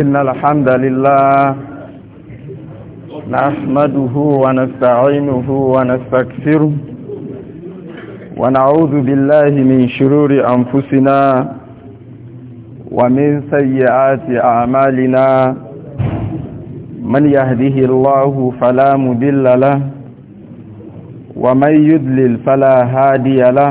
إن الحمد لله نحمده ونستعينه ونستكفره ونعوذ بالله من شرور أنفسنا ومن سيئات أعمالنا من يهده الله فلا مدل له ومن يدلل فلا هادي له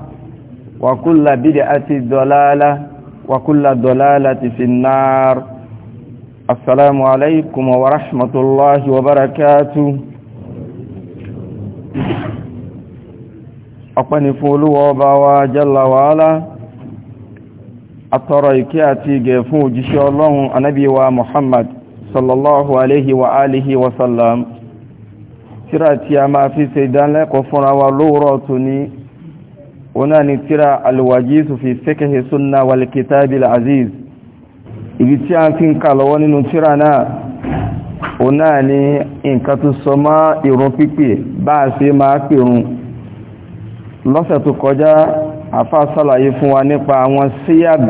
وكل بدعة ضلالة وكل ضلالة في النار السلام عليكم ورحمة الله وبركاته أقني فولو وبوا جل وعلا أترى إكياتي جيفو جشي الله النبي ومحمد صلى الله عليه وآله وسلم سيراتي أما في سيدان لك وفنا لوراتني ona ni tírà alwajisu fi fiqh sunna wal kitab al aziz ibi tí an kalo woni nu tírà náà ona ni nǹkan tó so ma ìrun pípé bá ṣe ma pèrun lọ́sẹ̀ tó kọjá afa ṣàlàyé fún wa nípa àwọn siyab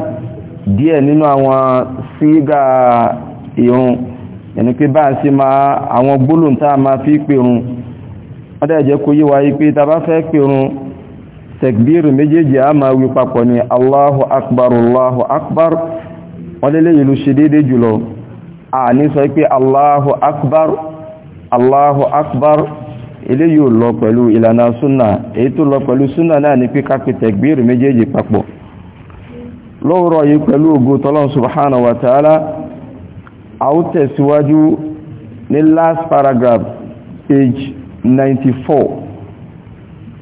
díẹ̀ nínú àwọn siga ìrun ẹni pé bá ṣe ma àwọn gbólóhùn ma fi pèrun ó dẹ̀ jẹ́ kó yé wa fẹ́ pèrun tẹ̀kbírù méjèèjì a máa wí papọ̀ ní Allahu akbar Allahu akbar wọ́n lélé ìlú ṣe dédé jùlọ a ní sọ pé Allahu akbar Allahu akbar ilé yóò lọ pẹ̀lú ìlànà súnà èyí tó lọ pẹ̀lú súnà náà ní pé kápẹ́ tẹ̀kbírù méjèèjì papọ̀ lóòrọ̀ yìí pẹ̀lú ògo tọ́lọ́n subhanahu wa ta'ala a ó tẹ̀síwájú ní last paragraph page 94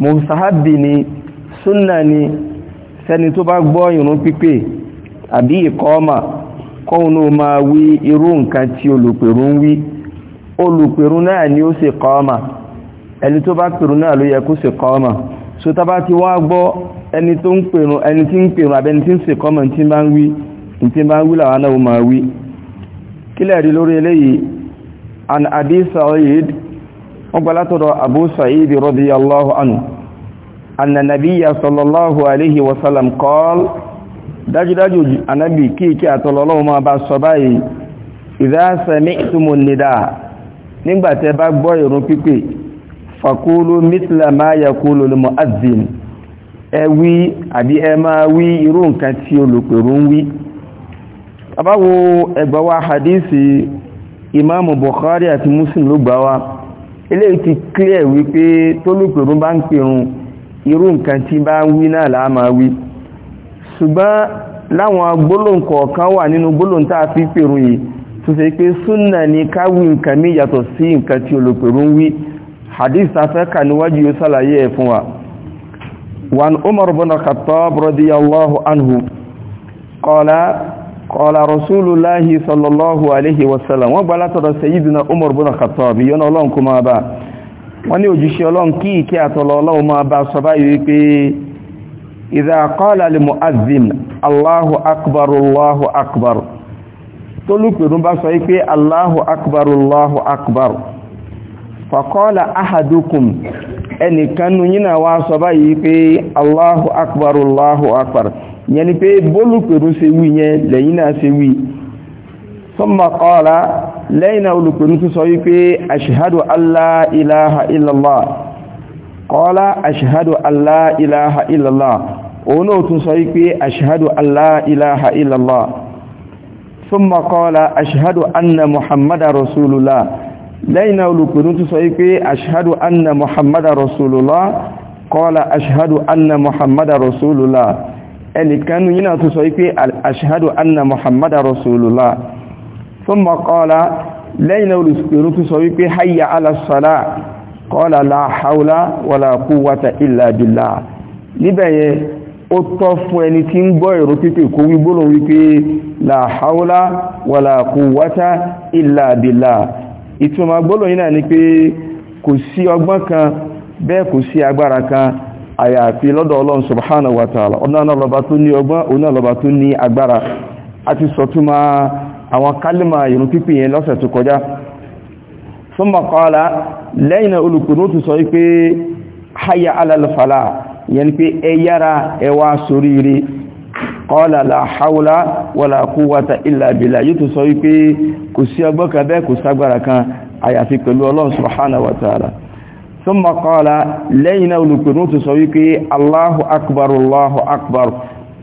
musahabi ni sunna ni sẹni tó bá gbọ́ ìrun pípè àbí ìkọ́ọ̀mà kóhun ó máa wí irú nǹkan tí olùpèrú ń wí olùpèrú náà ni ó sì kọ́ọ̀mà ẹni tó bá pèrú náà ló yẹ kó sì kọ́ọ̀mà so tá ti wá gbọ́ ẹni tó ń pèrú ẹni tí ń pèrú àbẹni tí ń sì kọ́ọ̀mà tí bá ń wí tí bá ń wí làwọn náà máa wí kílẹ̀ rí lórí eléyìí an adi sa'id وقالت أبو سعيد رضي الله عنه أن النبي صلى الله عليه وسلم قال dájúdájú anábì kí kí àtọlọ́lọ́wọ́ máa bá sọ báyìí ìdásẹ̀mí ìtumò nìdá nígbàtẹ́ bá gbọ́ ìrun pípè fàkúlù mítìlà máa yàkúlù lè mọ̀ azim ẹ wí àbí ẹ máa wí irú nǹkan tí olùpèrú ń wí tàbáwo ẹgbàwà hadisi imáàmù Bukhari àti Muslim ló gbàwà eléyìí ti clear wípé tólùpẹ̀rún bá ń pèrún irú nǹkan tí bá ń wí náà láà máa wí ṣùgbọ́n láwọn gbólóhùn kọ̀ọ̀kan wà nínú gbólóhùn a fi pèrún yìí tó ṣe pé súnà ni ká wí nǹkan mí yàtọ̀ sí nǹkan tí olùpẹ̀rún wí hadith afẹ́kà níwájú yóò sàlàyé ẹ̀ fún wa وعن عمر بن الخطاب رضي الله qala rasulullahi sallallahu alaihi wasallam wọ́n gbala todo sayyidina umar bin khattab yon olon kuma ba wọ́n ní òjíṣẹ́ olon ki ki atolo olon ma ba so ba yi pé idha qala lil muazzin allahu akbar allahu akbar tó lupirun bá sọ yi pé allahu akbar allahu akbar fa qala ahadukum ẹnìkan nu yina wá sọ báyìí pé allahu akbar allahu akbar yẹn ni pé bólùpẹ̀rù ṣe wí yẹn lẹ́yìn náà ṣe wí sọ́mà kọ́ọ̀lá lẹ́yìn náà olùpẹ̀rù tún sọ wípé ashhadu alla ilaha illallah kọ́ọ̀lá ashhadu alla ilaha illallah òun náà tún sọ wípé ashhadu alla ilaha illallah sọ́mà kọ́ọ̀lá ashhadu anna muhammadu rasulullah lẹ́yìn náà olùpẹ̀rù tún sọ wípé ashhadu anna muhammadu rasulullah kọ́ọ̀lá ashhadu anna muhammadu rasulullah ẹnìkan nínú yínà tó sọ wípé ashhadu anna muhammadu rasulullah thumma qala lẹ́yìn olùsìnkú tó sọ wípé hayya ala salah qala la hawla wala quwwata illa billah níbẹ̀yẹ ó tọ́ fún ẹni tí ń gbọ́ èrò pípè kó wí wípé la hawla wala quwwata illa billah ìtumọ̀ yínà ni pé kò sí ọgbọ́n kan bẹ́ẹ̀ kò sí agbára kan àyàfi lọ́dọ̀ ọlọ́run subhanahu wa ta'ala ọ̀nà lọ́ba tó ní ọgbọ́n ọ̀nà lọ́ba tó ní agbára a ti sọ̀túnmà àwọn kálìmà ìrun pípì yẹn lọ́sẹ̀ tó kọjá thumma qala lẹ́yìn olùkùnú ti sọ wípé la hawla wala quwwata illa billah yóò tó sọ wípé kò sí ọgbọ́n kan bẹ́ẹ̀ kò subhanahu wa ثم قال لين ولكنوت سويكي الله أكبر الله أكبر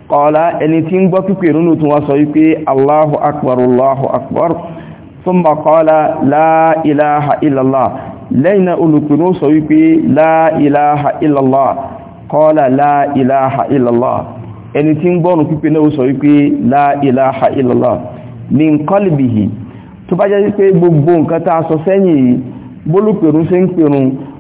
قال انتين بكيرونوت وسويكي الله أكبر الله أكبر ثم قال لا إله إلا الله لين ولكنوت سويكي لا إله إلا الله قال لا إله إلا الله انتين بونو كيبينو سويكي لا إله إلا الله من قلبه تبا جاي pé gbogbo nǹkan tá sọ sẹ́yìn bólúpẹ̀rún ṣe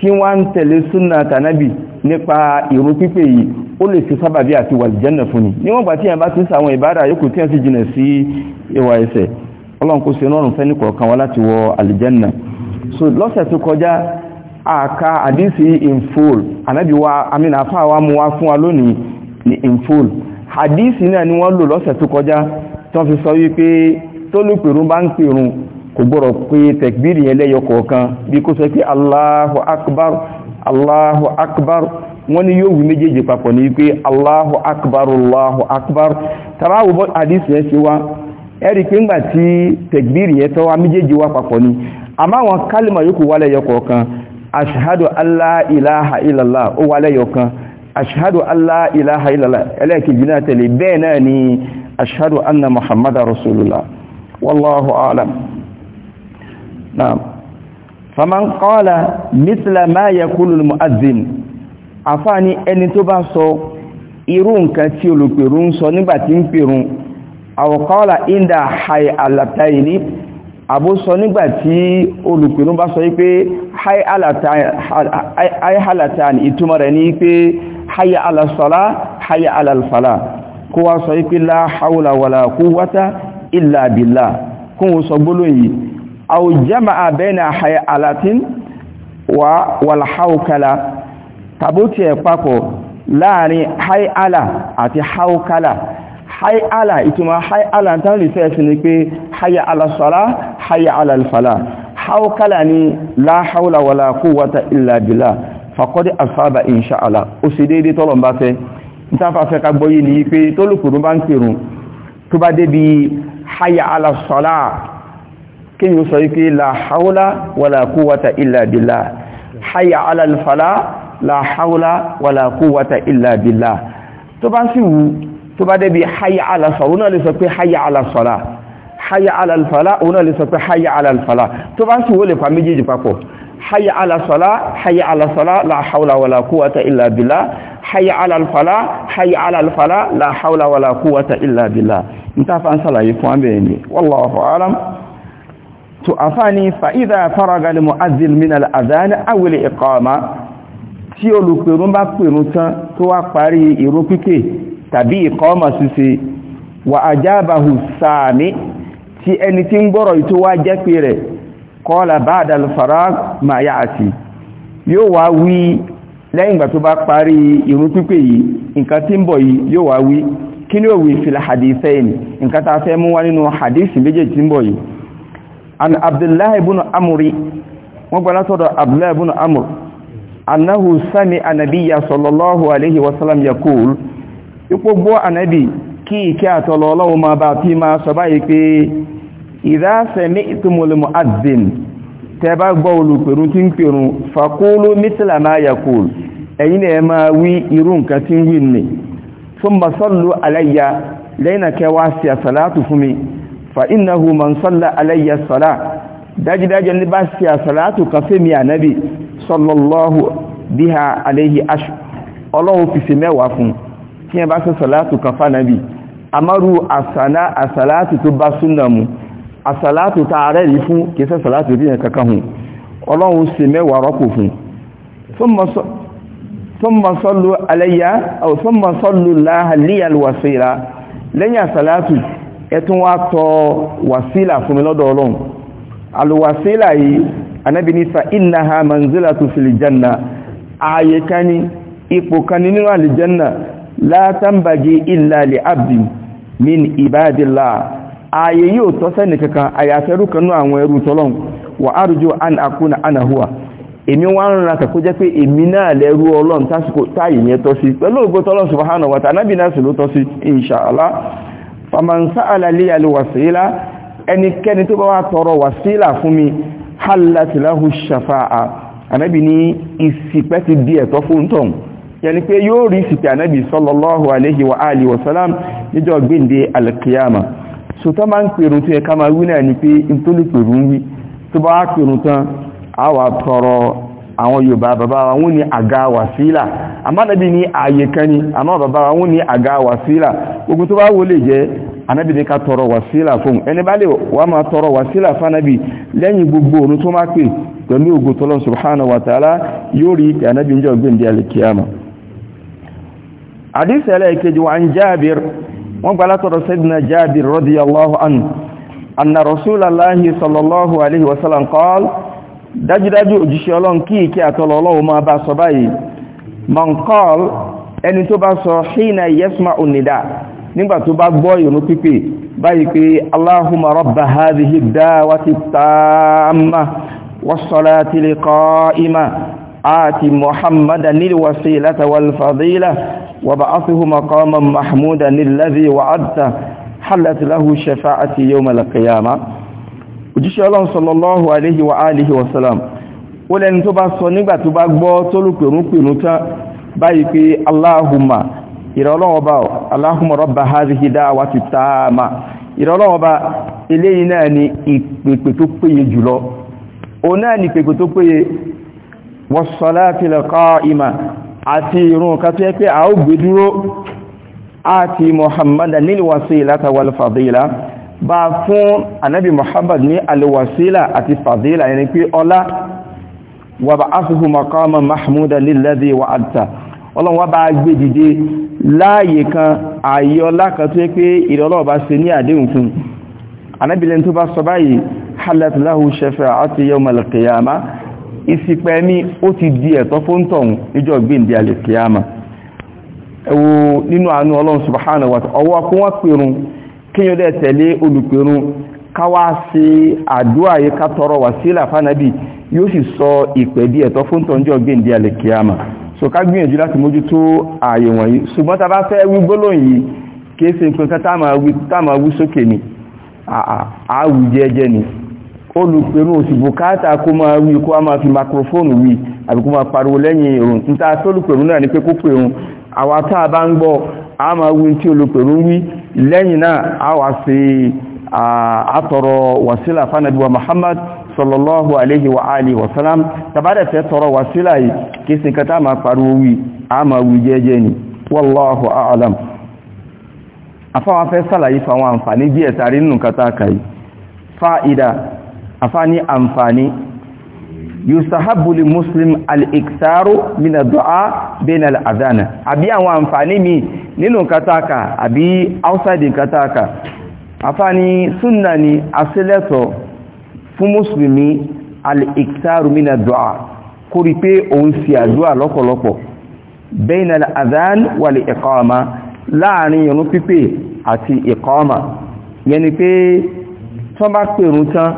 tí wọ́n ń tẹ̀lé súnà tànábì nípa ìrú pípé yìí ó lè fi sábàbí àti wà jẹ́nà fún ni níwọ̀n gbà tí yàn bá ti ń sàwọn ìbára yókù tí yàn sì jìnà sí ìwà ẹ̀ṣẹ̀ ọlọ́run kó ṣe nọ́rùn so lọ́sẹ̀ tó kọjá àka àdísì in full ànábì wa amina afá wa mú wa ni wọ́n lò lọ́sẹ̀ tó kọjá tó fi sọ wípé tólùpẹ̀rún kò gbọ́rọ̀ pé tẹ̀kbírì yẹn lẹ́yọ kọ̀ọ̀kan bí kó sọ pé Allahu akbar Allahu akbar wọ́n ní yóò wí méjèèjì papọ̀ ní pé Allahu akbar Allahu akbar tàbáwò bọ́ àdísì ẹ́ ṣe wá ẹ̀rí pé ńgbà tí tẹ̀kbírì yẹn tọ́ wá méjèèjì wá papọ̀ ní àmá àwọn kálìmà yóò wá wallahu alam naam faman qala mithla ma yaqulu almu'adhdhin afani ẹni tó bá sọ irú nǹkan tí olùpèrú ń sọ nígbà tí ń pèrun aw qala inda hay alataini àbó sọ nígbà tí olùpèrú bá sọ pé hay alataini hay halatani ìtumọ̀ ni pé hayya ala sala hayya ala al falah kó wá sọ pé la hawla wala quwwata illa billah kó sọ gbólóhùn yìí أو جمع بين حيالات والحوكلة tàbótí ẹ̀ papọ̀ láàrin haíhálà àti haúkálà haíhálà ìtumọ̀ haíhálà tán lè fẹ́ sí ni pé haíhà alásọ́lá haíhà alálfàlá haúkálà ni láháúlà wà láàkú wata ìlàbílà fàkọ́dí alfàbà inṣàlá ó sì dédé tọ́lọ̀ bá fẹ́ ìtafàfẹ́ ká gbọ́yé ni pé tólùkùrù bá ń pèrún tó bá débi haíhà alásọ́lá kí yíò sọ wípé la haula wala quwwata illa billah hayya ala al-fala la haula wala quwwata illa billah tó bá sì wù tó bá débi hayya ala sala òun náà lè sọ pé hayya ala sala hayya ala al-fala òun náà lè sọ pé hayya ala al-fala tó bá sì wó lè pa méjèèjì papọ̀ hayya ala sala hayya ala sala la haula wala quwwata illa a'lam Tuafani àfáàní fa'íza faraga lè mu'azil min al'adáni awil iqama tí olùpẹ̀rún bá pẹ̀rún tán tó wa parí ìró pípẹ̀ tàbí iqama ṣíṣe wà ajabahu sami tí ẹni tí ń gbọ́rọ̀ ìtó wá jẹ́ pé ba'da al-farag ma ya'ti yóò wá wí lẹ́yìn ìgbà tó bá parí ìró pípẹ̀ yìí nǹkan tí ń bọ̀ yìí yóò wá wí kí ni ó wí fil hadithain nǹkan tá fẹ́ mú wá nínú hadith méjèèjì tí ń bọ̀ yìí an abdullahi ibn amri wọ́n gbà látọ̀dọ̀ abdullahi ibn amr annahu sami anabiya sallallahu alaihi wasallam yaqul ipo gbo anabi kí ike atolo Ọlọ́hun ma ba fi ma sọ báyìí pé idha sami'tumul mu'adhdhin tẹ́ bá gbọ́ olùpèrun tin pèrun faqulu mithla ma yaqul ẹ̀yin ẹ máa wí irú nǹkan tin wí ni thumma sí àsàlátù fún mi fa innahu man salla alayya salat daji daji ni ba si salatu kan fe mi anabi sallallahu biha alayhi ash Ọlọ́hun fi ṣe mẹ́wàá fún tí en bá ṣe salatu kan fa nabi amaru asana asalatu tó bá sunna mu asalatu ta are ri fún ke ṣe salatu bi en kankan hun Ọlọ́hun ṣe mẹ́wàá rọ́pò fún thumma thumma sallu alayya aw thumma ẹtún wá tọ wàsílà fún mi lọ́dọ̀ ọlọ́run alùwàsílà yìí anábi ní fa innaha manzilatu fil janna ààyè kan ní ipò kan ní nínú àlìjánà la tambagi illa li abdi min ibadillah ààyè yóò tọ́ sẹ́nì kankan àyàfẹ́rú kanú àwọn ẹrú tọ́lọ́n wa arju an akuna ana huwa èmi wá ń ra kàkó jẹ́ pé èmi náà lẹ́rú ọlọ́run tásìkò táyì yẹn tọ́ sí pẹ̀lú ògbó tọ́lọ́n subhanahu wa ta'ala náà sì ló tọ́ sí inṣàlá fàmànsá àlàlé àlèwàsílá ẹnikẹ́ni tó bá wá tọrọ wàsílà fún mi hálàtìláhù ṣàfáà anábì ní ìsìpẹ́ ti di ẹ̀tọ́ fún tọ̀hún yẹni pé yóò rí ìsìpẹ́ anábì sọ́lọ́lọ́hù aléhi wa áàlì wàsálàm níjọ́ gbéǹde alkiyama so tó máa ń pèrò tó yẹ ká àwọn Yorùbá bàbá wa wọ́n ní àga wàsílà àmánàbí ní ààyè kan ni àmọ́ bàbá wa wọ́n ní àga wàsílà ogun tó bá wó lè jẹ́ anábì ní ká tọrọ wàsílà fún ẹni bá lè wà máa tọrọ wàsílà fánábì lẹ́yìn gbogbo òun tó máa pè pẹ̀lú ogun tọ́lọ́ subhanahu wa ta'ala yóò rí ìtẹ̀ anábì níjọ́ gbẹ̀ndẹ̀ alikiyama hadith ẹlẹ́ẹ̀kejì wa dájúdájú òjíṣẹ́ ọlọ́run kí ìkẹ́ àtọ́lọ ọlọ́run máa bá sọ báyìí mọ̀nkọ́l ẹni tó bá sọ hìnà yẹ́sùmá ònìdá nígbà tó bá gbọ́ ìrun pípè báyìí pé aláhùmá rọ́bà hádìí dáwà ti tààmà ti òjíṣẹ́ ọlọ́run sallallahu aléhi wa alihi wasalam ó lẹ́ni tó bá sọ nígbà tó bá gbọ́ tó lùpẹ̀rúnpẹ̀rú tán báyìí pé aláhùmà ìrọ̀lọ́wọ́ba aláhùmà rọ́bà hazihi dáwàtí tààmà ìrọ̀lọ́wọ́ba eléyìí bá fún anábì muhammad ní alwasila àti fadila ẹni pé ọlá wà bá áfífù makama mahmuda lílẹ́dí wa àtà ọlọ́run wá bá gbé dìde láàyè kan ààyè ọlá kan tó pé ìrọlọ́ bá lahu shafa'ati yawm al-qiyamah ìsìpẹ̀mí ó ti di ẹ̀tọ́ fún tọ̀hún níjọ́ gbìndì alìkìyàmá ẹwọ nínú àánú ọlọ́run subhanahu wa ta'ala ọwọ́ kún pèrún kíyàn dẹ̀ tẹ̀lé olùpẹ̀rún káwá sí àdúrà yìí ká tọrọ wàsílà fánàbì yóò sì sọ ìpẹ̀dí ẹ̀tọ́ fún tọ́njọ́ gbèǹdé alẹ́ kíyàmà so ká gbìyànjú láti mójútó ààyè wọ̀nyí ṣùgbọ́n ta bá fẹ́ wí gbólóhùn yìí kìí ṣe nǹkan kan táàmà wí sókè ni àáwù jẹ́jẹ́ ni olùpẹ̀rún òsì bùkátà kó máa wí kó a máa fi makrofóònù wí àbí kó máa pariwo lẹ́yìn ìrùn níta tó olùpẹ̀rún náà ní pé kó pèrún àwa tá a bá ń gbọ́ a máa lẹ́yìn náà a wà sí àtọrọ wàsílà fánàbíwa Muhammad sallallahu alaihi wa alihi wa salam tabada fẹ́ tọrọ wàsílà yìí kí sin kata ma pariwo wí a ma wí jẹ́jẹ́ ni wallahu a'lam afáwọn fẹ́ sàlàyé fáwọn àǹfààní díẹ̀ tàrí nù kata fa'ida afáni àǹfààní yusahabu li muslim al-iktaru min ad-du'a bayna al-adhan àbí àwọn àǹfààní mi nínú kataka àbí outside kataka afani sunna ni asileto fún muslimi al-iktaru min ad-du'a kó rí pé ó ń si àdúà lọ́pọ̀lọpọ̀ bayna al-adhan wal iqama láàrin ìrun pípé àti iqama yẹni pé ton bá pè run tán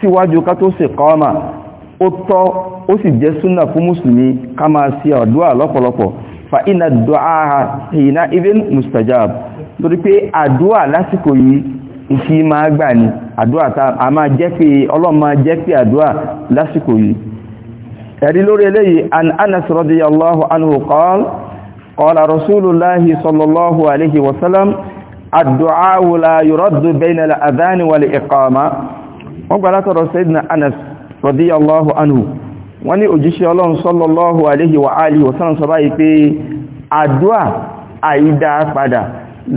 síwájú ká tó iqama ó tọ́ ó sì jẹ́ súnà fún mùsùlùmí ká máa sí àdúrà lọ́pọ̀lọpọ̀ fa iná dọ́áha hìna even mustajab lórí pé àdúrà lásìkò yìí ìfi máa gbà ní àdúrà tá a máa jẹ́ pé ọlọ́run máa jẹ́ pé àdúrà lásìkò yìí ẹ̀rí lórí eléyìí an anas radiyallahu anhu qal qala rasulullahi sallallahu alaihi wasallam addu'a la yuraddu bayna al-adhan wọ́n gbà látọ̀rọ̀ sayyidina anas radiyallahu anhu wọ́n ní òjíṣẹ́ ọlọ́run sallallahu alayhi wa alihi wa sallam sọ báyìí pé àdúà àìdá padà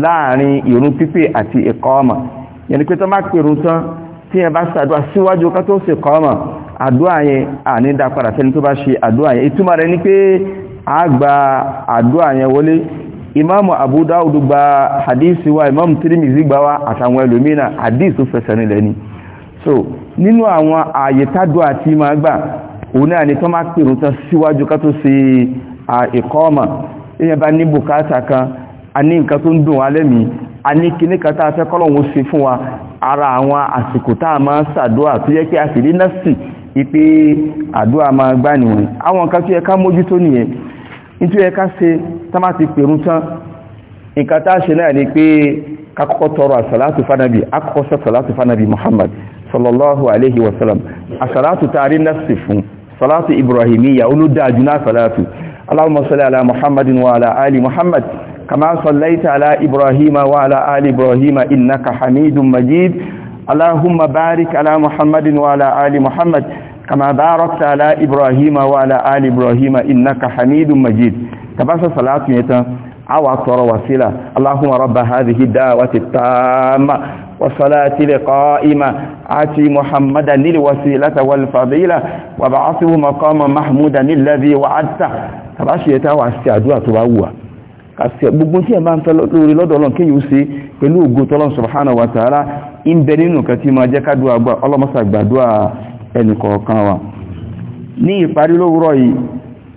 láàrin ìrun pípé àti ìkọ́ọ̀mà yẹn ni pé tán bá pèrò tán tí ẹ bá sàdúà síwájú ká tó sì kọ́ọ̀mà àdúà yẹn ànídá padà tẹ́ni tó bá ṣe àdúà yẹn ìtumọ̀ rẹ̀ ni pé a so nínú àwọn ààyè tádù àti ma gbà òun náà ni tó má pèrún tán síwájú ká tó ṣe ẹ̀kọ́ ọmọ bá ní bukata kan a ní nǹkan tó ń dùn wá lẹ́mí a ní kíní kan fún wa ara àwọn àsìkò tá máa kí a sì rí máa nìwọ̀n àwọn nǹkan tó yẹ ká nìyẹn nítorí صلى الله عليه وسلم الصلاه تعري نفس فن صلاه ابراهيميه اولد اجنا صلاه اللهم صل على محمد وعلى ال محمد كما صليت على ابراهيم وعلى ال ابراهيم انك حميد مجيد اللهم بارك على محمد وعلى ال محمد كما باركت على ابراهيم وعلى ال ابراهيم انك حميد مجيد تبارك صلاه awa tọrọ wasila allahumma rabba hadhihi da'wati tamma wa salati liqa'ima ati muhammadan lil wasilata wal fadila wa ba'athu maqaman mahmudan alladhi wa'adta tabashi ta wa si àdúà tó bá wuwa kasi gbogbo tí ẹ máa ń fẹ́ lórí lọ́dọ̀ Ọlọ́run ní yìí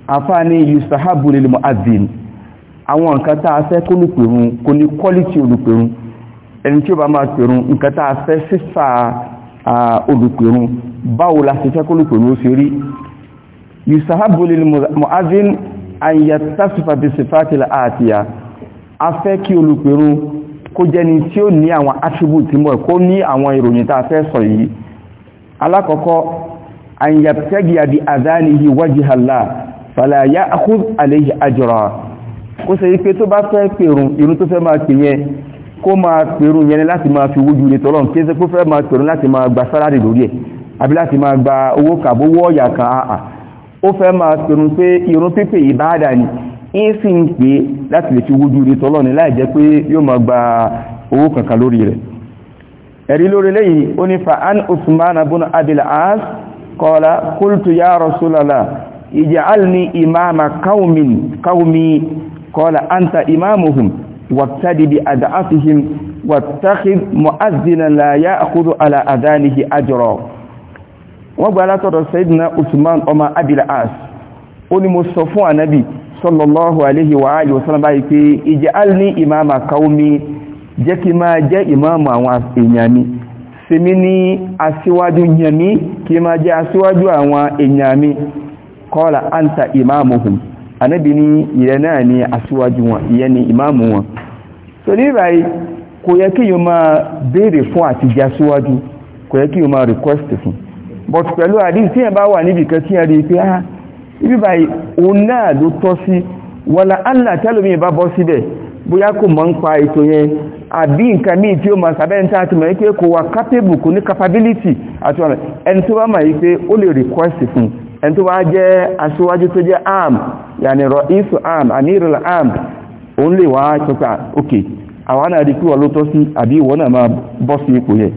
afáàní yustahabu lil àwọn nǹkan tá a fẹ́ kó ní pèrún kò ní quality olùpèrún ẹni tí ó bá máa pèrún nǹkan tá a fẹ́ sífà olùpèrún báwo la ṣe fẹ́ kó olùpèrún ó ṣe rí yusahabu lil mu'adhin an a fẹ́ kí olùpèrún kó jẹ́ni tí ó ní àwọn attribute mọ̀ kó ní àwọn ìròyìn tá a fẹ́ sọ yìí alákọ̀ọ́kọ́ an yabtagi bi adhanihi wajha Allah fala ya'khudh alayhi kó ṣe ipé tó bá fẹ́ pèrún irun tó fẹ́ máa pè yẹn kó máa pèrún yẹn láti máa fi wójú ilé tọ́lọ́n kí é ṣe kó fẹ́ máa pèrún láti máa gba sálárì lórí ẹ̀ àbí láti máa gba owó kàbó wọ́ọ̀yà kan àà ó fẹ́ máa pèrún pé irun pípè ìbáadà ni ń sì ń pè láti lè fi wójú ilé tọ́lọ́n ni láì jẹ́ pé yóò máa gba owó kankan lórí rẹ̀ ẹ̀rí lórí lẹ́yìn ó ní fa an usman abun abil as kọ́lá kúltù ya rasulallah ìjẹ́ alni imama kaumin kaumi qala anta imamuhum wabtadi bi ad'afihim wattakhidh mu'adhdhina la ya'khudhu ala adhanihi ajra wọ́n gba látọ̀dọ̀ sayidina usman ọmọ abil as ó ní mo sọ fún ànábì sallallahu alayhi wa alihi wa sallam báyìí pé ij'alni imama qaumi jẹ́ kí máa jẹ́ ìmáàmù àwọn èèyàn mi sèmi ní aṣíwájú yẹn mi kí máa jẹ́ aṣíwájú qala anta imamuhum anábì ní ìrẹ́ náà ni aṣíwájú wọn ìyẹn ni ìmáàmù wọn so ní ìbáyìí kò yẹ kí yóò máa béèrè fún àtijọ́ aṣíwájú kò yẹ kí yóò máa request fún but pẹ̀lú àdíjì tí yẹn bá wà níbi kan tí yẹn rí pé ah ibi báyìí òun náà ló tọ́ sí wọ́la allah tẹ́lómi bá bọ́ síbẹ̀ bóyá kò mọ́ ń pa ètò yẹn àbí nǹkan míì tí ó máa sàbẹ́ ń tá àti mọ̀ wípé kò wà capable kò ní capability àti ẹni tó bá mọ̀ wípé ó lè request fún un ẹni tó wá jẹ́ aṣíwájú tó jẹ́ am yàní rọ isu am amirul am òun lè wá sọ́kà òkè àwọn náà rí kí wọ́n ló tọ́ sí àbí ìwọ náà máa bọ́ sí ipò yẹ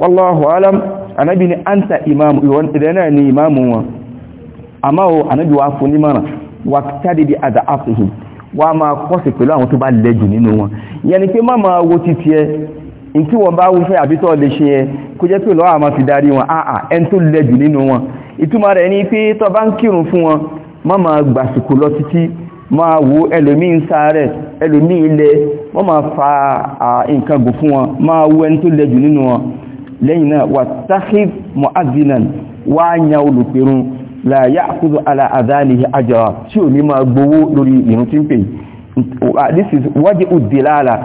wallahu alam anábi ni anta imam ìwọ̀n ìrẹ́ náà ni imam wọn àmá o anábi wa fún nímọ̀ràn wa tàbí bí àdá àfihàn wa máa kọ́sì pẹ̀lú àwọn tó bá lẹ́jù nínú wọn yẹni pé má máa wo títí ẹ in tí wọ́n bá wúfẹ́ àbí tó lè ṣe ẹ kó jẹ́ pé lọ́wọ́ àmá fi darí wọn àà ẹn tó lẹ́jù nínú wọn ìtumọ̀ rẹ̀ ni pé tó bá ń kírun fún wọn má ma gbàsìkò lọ títí má wo ẹlòmíì ń sáré ẹlòmíì ilẹ̀ wọ́n ma fa nǹkan gùn fún wọn má wo ẹni tó lẹ́jù nínú wọn lẹ́yìn náà wà tahib mu'adhinan wá nya olùpẹ̀rún la ya'khudhu ala adhanihi ajra tí ò ní ma gbowó lórí ìrun tí ń pè this is wájí òdìlára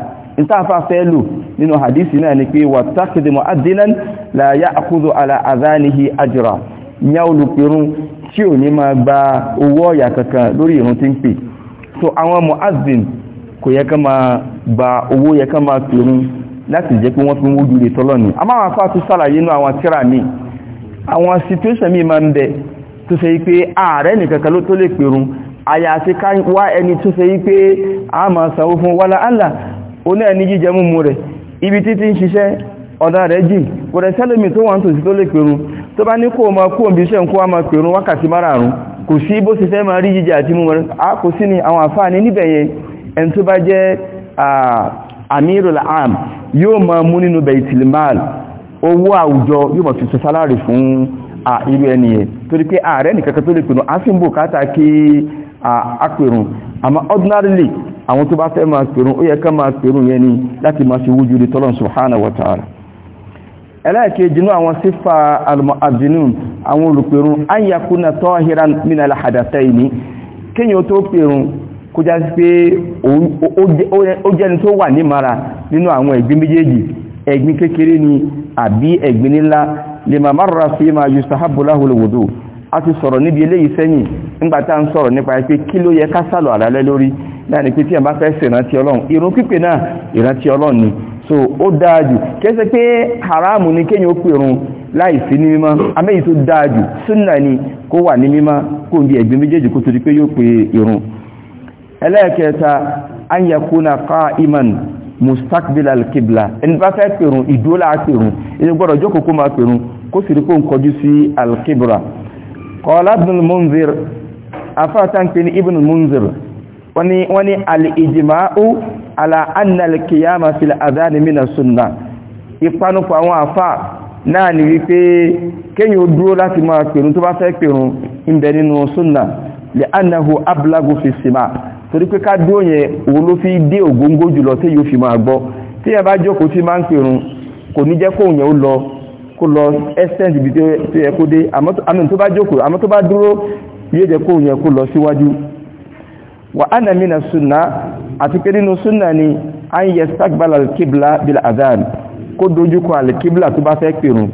ìtàfà fẹ́ lò nínú hadisi náà ni pé wà tahib mu'adhinan la ya'khudhu ala adhanihi ajra ìyá olùpẹ̀rún tí ò ní máa gba owó ọ̀yà kankan lórí ìrun tí ń pè so àwọn muazzin kò yẹ ká máa gba owó yẹ ká máa pẹ̀rún láti jẹ́ pé wọ́n fi ń wójú tọ́lọ̀ ní a máa tó sàlàyé inú àwọn tíra mi àwọn situation mi máa ń bẹ tó ṣe wípé ààrẹ nìkankan ló tó lè pẹ̀rún àyàfi ká wá ẹni tó ṣe wípé a máa sanwó fún wálá Allah ó náà ní jíjẹ múmu rẹ̀ ibi títí ń ṣiṣẹ́ ọ̀dá rẹ̀ jì kò rẹ̀ sẹ́lẹ̀mì tó wọ́n tòsí tó lè pèrún tó bá ní kó ma kó òbí iṣẹ́ nǹkó ma pèrún wákàtí márààrún kò sí bó ṣe fẹ́ ma rí jíjẹ àti múmọ̀ a kò sí ni àwọn àfáàní níbẹ̀ yẹn am yóò ma mú nínú baitul mal owó àwùjọ yóò ma tuntun sálárì fún irú ẹni yẹn torí pé a sì ń bò káàtà kí apèrún àmọ́ ordinarily àwọn tó bá fẹ́ ma pèrún ó yẹ ká ma pèrún yẹn ni láti ma ṣe wújú rí tọ́lọ̀ subhanahu ẹlẹ́ẹ̀kejì ní àwọn sífà almu'adzinun àwọn olùpẹ̀rún ayyakuna tahiran min alhadathaini kíyàn tó pẹ̀rún kó já sí pé ó jẹ́ni tó wà ní mara nínú àwọn ẹ̀gbin méjèèjì ẹ̀gbin kékeré ni àbí ẹ̀gbin ńlá lima marra fi ma yustahabbu lahu a ti sọ̀rọ̀ níbi eléyìí sẹ́yìn nígbàtá ń sọ̀rọ̀ nípa pé kí ló yẹ ká sálọ̀ àlálẹ́ lórí láàrin pé tí bá fẹ́ ọlọ́run náà ìrántí ọlọ́run ni so ó dáájù kẹsẹ pé haramu ní kéyàn ó pèrún láìsí ní mímọ́ amẹ́yìn tó dáájù súnà ni kó wà ní mímọ́ kó ń bí ẹ̀gbẹ́ méjèèjì kó torí pé yóò pè irun ẹlẹ́ẹ̀kẹta an yakuna qa'iman mustaqbil al-qibla ẹni bá fẹ́ pèrún ìdólà pèrún ẹni gbọ́dọ̀ jókòó kó máa pèrún kó sì rí kó ń wọ́n ní alìjìmáú aláàánàlìkìyàmà fil àdáni mìnà súnnà ìpanupọ̀ àwọn àfà náà ni wípé kéyìn ó dúró láti máa pèrún tó bá fẹ́ pèrún ìbẹ̀ nínú súnnà lè ánàhù abúlágù fi sìmá torí pé ká dúró yẹn òun ló fi dé ògóngó jùlọ tí yóò fi máa gbọ́ tí yẹn bá jókòó tí máa ń pèrún kò ní jẹ́ kóhùn yẹn ó lọ kó lọ extent ibi tó yẹ kó dé àmọ́ tó bá jókòó àmọ́ tó bá dúró yóò jẹ́ kóhùn yẹn kó lọ síwájú wa ana mina sunna àti pé nínú sunna ni an yastaqbal al-qibla bil adhan kó dojú kọ al-qibla tó bá fẹ́ pèrún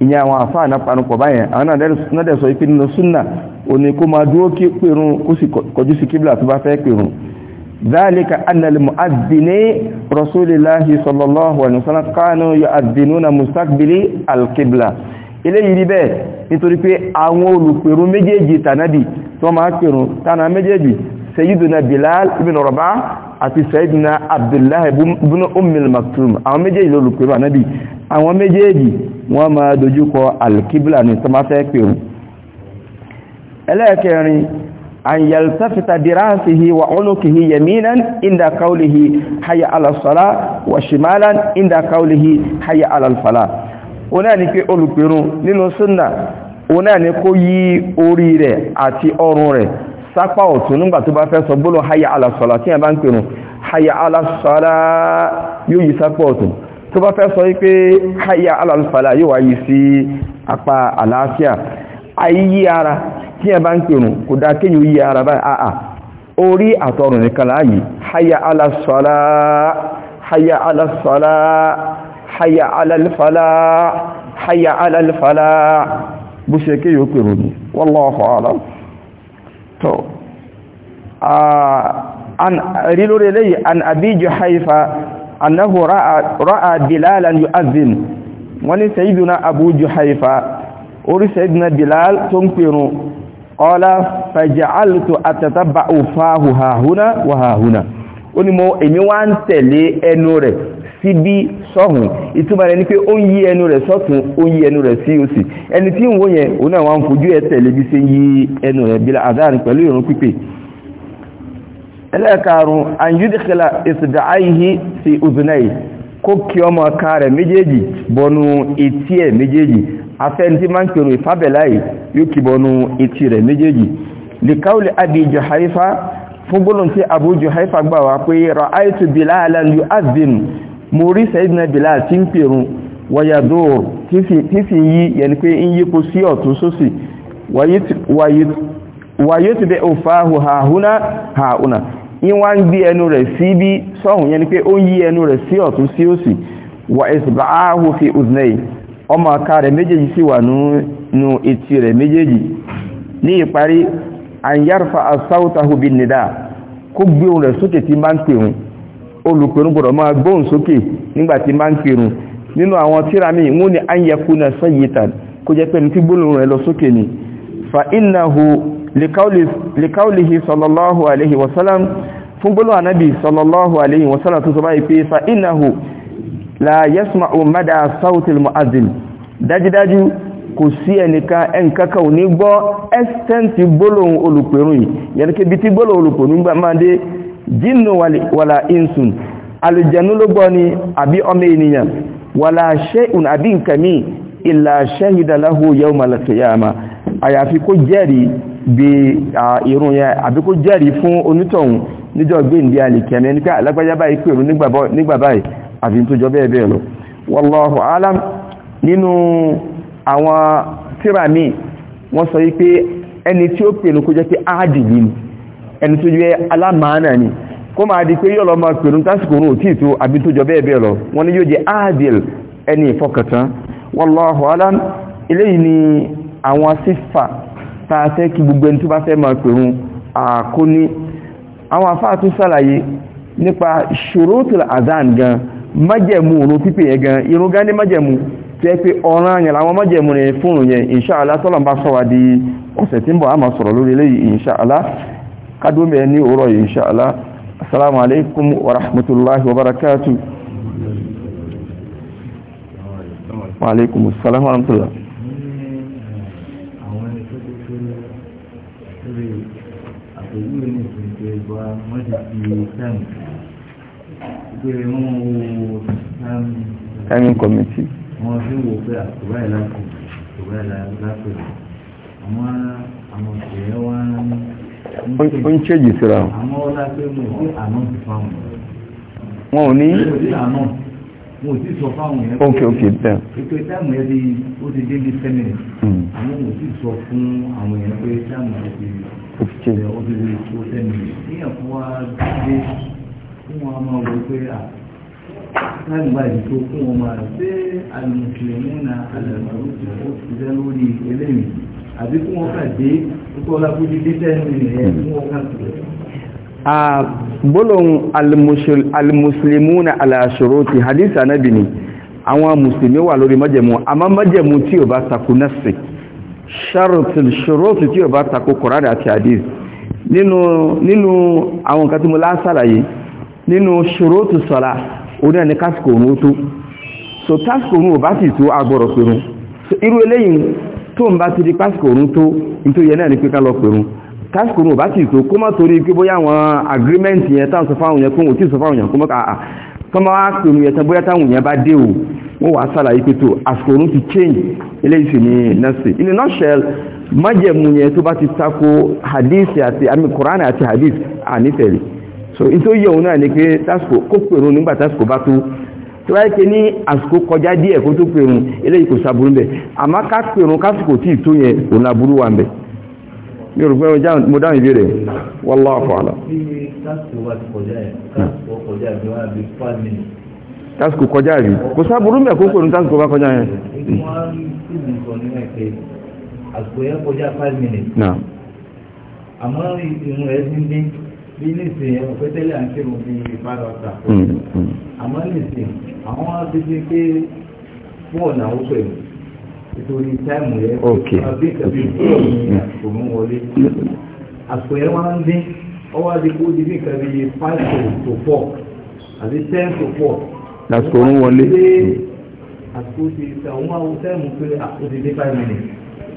ìyẹn àwọn àfáà náà panupọ̀ báyẹn àwọn náà dẹ̀ sọ pé nínú sunna òní kó máa dúró kí pèrún kó sì kọjú sí qibla tó bá fẹ́ pèrún dhalika anna al-mu'adhdhini rasulillahi sallallahu alaihi wasallam kanu yu'adhdhinuna mustaqbili al-qibla eléyìí rí bẹ́ẹ̀ nítorí pé àwọn olùpèrún méjèèjì tànádì tó máa pèrún tánà méjèèjì sayiduna bilal ibn rabah àti sayiduna abdullahi ibn ummil maktum àwọn méjèèjì ló lùpẹ̀rù ànábì àwọn méjèèjì wọ́n máa dojúkọ alkibla ní sọmáfẹ́ pẹ̀rù ẹlẹ́ẹ̀kẹrin an yaltafita dirasihi wa unukihi yaminan inda qawlihi hayya ala sala wa shimalan inda qawlihi hayya ala fala ọ̀nà ni pé olùpẹ̀rù nínú sunna ọ̀nà ni kó yí orí rẹ̀ àti ọrùn rẹ̀ sápá ọ̀tún nígbà tó bá fẹ́ sọ gbólóhùn hayya ala salat tí ẹ bá ń pèrún hayya ala salat yóò yí sápá ọ̀tún tó bá fẹ́ sọ wípé hayya ala falah yóò wáyí sí apá àlàáfíà ayíyí ara tí ẹ bá ń pèrún kò dá kéyìn yí ara báyìí àà orí àtọrùn nìkan láàyè hayya ala salat hayya ala salat hayya ala falah hayya ala falah bó ṣe kéyìn ó pèrún ní wallahu a'lam tó rí lórí eléyìí an Abi Juhayfa annahu ra'a Bilalan yu'adhin wọ́n ní sayyiduna Abu Juhayfa orí sayyiduna Bilal tó ń pèrún qala faja'altu atatabba'u fahu hahuna wa hahuna èmi wá ń tẹ̀lé ẹnu rẹ̀ síbí sọ́hùn ìtumọ̀ rẹ̀ ní pé ó ń yí ẹnu rẹ̀ sọ́tún ó ń yí ẹnu rẹ̀ sí òsì ẹni tí ń wó yẹn òun náà wọ́n fojú ẹ tẹ̀lé bí ṣe ń yí ẹnu rẹ̀ bí àdáàrin pẹ̀lú ìrun pípé ẹlẹ́ẹ̀karùn àyúdìkìlà ìsìdáàyí sí òzùnáì kó kí ọmọ ká rẹ̀ méjèèjì bọnú etí ẹ̀ méjèèjì afẹ́ni tí máa ń pèrò ìfábẹ̀láì yóò kí bọnú etí rẹ̀ méjèèjì lìkáwùlì àbí Juhaifa fún gbólóhùn tí Abu Juhaifa gbà wá pé ra'aytu Bilalan yu'adhdhin mori rí Bilal tí ń pèrún yi ya fi yí yẹni pé ń yípo sí ọ̀tún sósì wàyó ti bẹ́ òfàáhù hàhúnà hàhúnà in wá ń gbé ẹnu rẹ̀ sí bí sọ́hùn yẹni pé ó yí ẹnu rẹ̀ sí ọ̀tún sí òsì wà fi ọmọ rẹ̀ méjèèjì sí wà nínú etí rẹ̀ méjèèjì an yarfa nida kó gbé rẹ̀ olùpẹ̀rún gbọ́dọ̀ máa gbóhùn sókè nígbàtí máa ń pẹ̀rún nínú àwọn tíra mi wọ́n ni an yakuna sayyitan kó jẹ́ pé tí gbóhùn rẹ̀ lọ sókè ni fa innahu likaulihi sallallahu alaihi wasallam fún gbóhùn anábì sallallahu alaihi wasallam tó sọ báyìí fa innahu la yasma umada sautil mu'azzin dájúdájú kò sí ẹnìkan ẹnkaka ò ní gbọ́ ẹ́sẹ̀ntì gbólóhùn olùpẹ̀rún yìí yẹ́nìkébí tí gbólóhùn jinnu wala insun alìjẹ̀nú ló gbọ́ ni àbí ọmọ ènìyàn wàlà shay'un àbí nǹkan míì ìlà shahida lahu yawmal qiyamah àyàfi kó jẹ́rìí bí irun yẹn àbí kó jẹ́rìí fún onítọ̀hún níjọ́ gbéǹdé alìkẹ́mẹ́ nípa alágbájá báyìí pèrò nígbà báyìí àfi tó jọ bẹ́ẹ̀ bẹ́ẹ̀ lọ wallahu alam nínú àwọn tíra míì wọ́n pe wípé ẹni tí ó pèrò kó jẹ́ pé áàdì yìí ẹni tó jẹ́ alámàánà ni kó máa di pé yóò lọ máa pèrún tásìkò òun òtí ìtò àbí tó jọ bẹ́ẹ̀ bẹ́ẹ̀ lọ wọ́n ní yóò jẹ́ áàdìl ẹni ìfọkàntán wallahu alam eléyìí ni àwọn a fẹ́ kí gbogbo ẹni tó bá fẹ́ máa pèrún àkóní àwọn afá tún sàlàyé nípa ṣòrótìl azan gan májẹ̀mú òun pípè yẹn gan irun gan ní májẹ̀mú tẹ́ pé ọ̀ràn yẹn làwọn májẹ̀mú rẹ̀ fóònù yẹn insha Allah tọ́lọ̀ bá di ọ̀sẹ̀ tí ń bọ̀ á máa sọ̀rọ̀ lórí eléyìí insha kádùmẹ̀ ní òwúrọ̀ yìí insha Allah assalamu alaikum wa rahmatullahi wa barakatuh wa alaikum assalam wa rahmatullah ẹ̀yìn kọ̀mìtì wọ́n fi wò pé àkùrá ìlàkùn àwọn àwọn òṣèré wá ó ń ṣèjì síra wọn ò ní mo ti sọ fáwọn yẹn. ok ok tẹ. ètò ìtààmù yẹn di ó ti dé di ten minutes. àmọ́ mo ti sọ fún àwọn yẹn pé ìtààmù yẹn ti ó ti ṣe hmm. ó ti di tó ten minutes. níyàn fún wa dé fún wa máa wọ pé à láti gba ìdìbò fún wọn máa ṣe àlùmùsùlùmí náà àlùmùsùlùmí ó ti dẹ́ lórí eléyìí àbí fún wọn kàn dé nípa ọlábúdí dé tẹ́ẹ̀mì hmm. nìyẹn fún wọn kàn sílẹ̀. gbólóhùn almuslimuna ala shuruti hadith anabi ni àwọn mùsùlùmí wà lórí májẹ̀mú àmọ́ májẹ̀mú tí ò bá takò nẹ́sì ṣọ́rọ̀tì tí ò bá takò kọ̀rádà àti hadith nínú àwọn nǹkan tí mo lásàlàyé nínú ṣòrótù sọ́lá orí ẹni kásìkò òun ó tó so kásìkò òun ò bá sì tó agbọ̀rọ̀ pẹ̀rún irú eléyìn tó ń bá ti di pásìkò òun tó nítorí yẹn náà ní pé ká lọ pèrún kásìkò ò bá sì tó kó má torí pé bóyá àwọn agreement yẹn táwọn sọ fáwọn yẹn kó wọn ò tí ì sọ fáwọn yẹn kó mọ́ ká à máa pèrún yẹn tán bóyá táwọn yẹn bá dé o wọ́n wàá sàlàyé pé tó àsìkò ti change eléyìí sì ní nọ́ọ̀sì in a nutshell májẹ̀mú yẹn tó bá ti tako so nítorí yẹn òun náà ní pé tásìkò kó pèrún tó wáyé pé ní àsìkò kọjá díẹ̀ kó tó pèrún eléyìí kò sàbúrú bẹ̀ àmọ́ ká pèrún kásìkò tí tó yẹn òun aburú wà bẹ̀ mi ò rò pé mo dáhùn ìbéèrè wallahu a'lam. kásìkò kọjá rí kò sàbúrú bẹ̀ kó pèrún kásìkò bá kọjá yẹn. àsìkò yẹn kọjá five minutes. àmọ́ ìrìn rẹ̀ ti ń dín bí nísìnyẹn òpétẹ́lẹ̀ àti ìrùn bíi five hours hmm, hmm. àmọ́ nísìnyẹn àwọn bíbí pé wọ́n náà ó pẹ̀lú nítorí táìmù rẹ̀ àbí ìtàbí ìgbóhùn ní àsìkò mú wọlé àsìkò yẹn wọ́n á ń dín ọwọ́ àdìgbò di bí nǹkan bíi five to four àbí ten to four. lásìkò ń wọlé. àsìkò ti àwọn àwọn táìmù pé àsìkò ti dé five minutes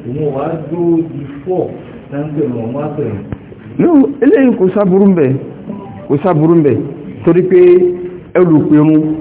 òun wàá dúró di four táǹkì ọ̀nà ọ̀nà àpẹẹrẹ. yóò eléyìí kò sábúrú ń bẹ̀ kò sábúrú ń bẹ̀ torí pé ẹlòpẹ̀rún.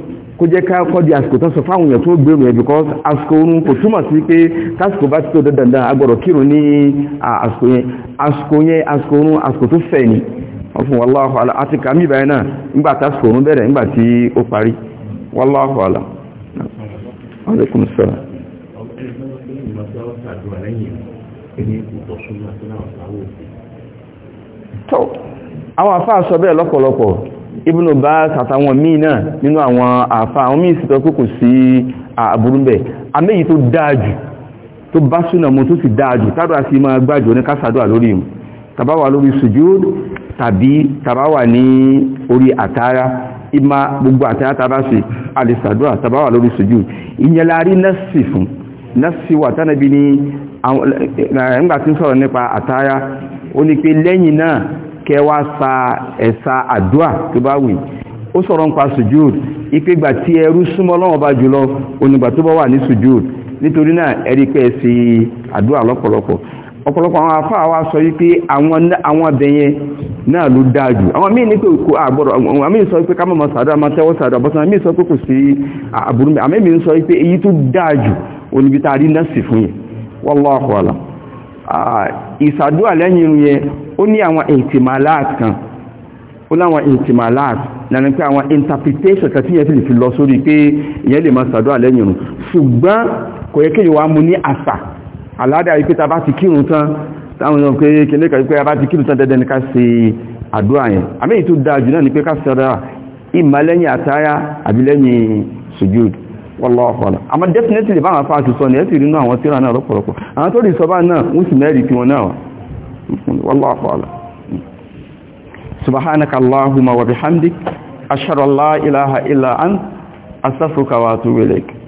kó jẹ́ ká kọ́ di àsìkò tán sọ fáwọn èèyàn tó gbèrò ẹ̀ because àsìkò oorun kò túmọ̀ sí pé tásìkò bá ti tó dandanda agbọ̀rọ̀ kírun ní àsìkò yẹn àsìkò yẹn àsìkò ni wọ́n fún wallahu ala àti kàmí ìbáyẹn náà nígbà tásìkò oorun bẹ̀rẹ̀ nígbà tí ó parí wallahu ala ibùnú bá sàtàwọn míì náà nínú àwọn àfà àwọn míì sì tọ́kù kò sí àbúrú bẹ̀ àmẹ́yìí tó dáàjù tó bá súnà mú tó sì dáàjù tàbí àti máa gbájò ní kásàdúà lórí mu tàbáwà lórí sujúd tàbí tàbáwà ní orí àtàrà ìmá gbogbo àtàrà tàbá sí alìsàdúà tàbáwà lórí sujúd ìyẹn láàrí nẹ́sì fún nẹ́sì wà tánàbí ní àwọn kẹwa sa ẹ̀sà àdúà tó bá wì ó sọ̀rọ̀ ń pa sujud ìpégbà tí ẹrú súnmọ́ lọ́wọ́ bá jùlọ onígbà tó bá wà ní sujud nítorí náà ẹ̀rí pé ẹ̀sì àdúà lọ́pọ̀lọpọ̀ ọ̀pọ̀lọpọ̀ àwọn afá wa sọ wípé àwọn abẹ̀yẹ náà ló dájú àwọn míì ní pé kò àgbọ̀rọ̀ àwọn míì sọ pé ká sàdá máa tẹ́wọ́ sàdá bọ́sán àmì sọ pé kò sí àbúrú àmì mi sọ wípé èyí tó dájú oníbi tá a rí nọ́ọ̀sì fún yẹn wallahu alam ìsàdúà lẹ́yìn yẹn ó ní àwọn ihtimalat kan ó láwọn ihtimalat lẹ́nu pé àwọn interpretation kan tí yẹn ti lè fi lọ sórí pé ìyẹn lè máa ṣàdúrà lẹ́yìn ìrun ṣùgbọ́n kò yẹ kéèyàn wá mú ní àṣà aládàá yìí pé ta bá ti kírun tán táwọn èèyàn pé kíní kan pé a bá ti kírun tán dandan ni definitely báwọn afáàtù sọ ní ẹ́ sì rí inú àwọn tíra náà lọ́pọ̀lọpọ̀ àwọn tó rí sọ bá náà wọ́n sì mẹ́rin tí wọ́n náà والله أعلم سبحانك اللهم وبحمدك أشهد أن لا إله إلا أنت أستغفرك وأتوب إليك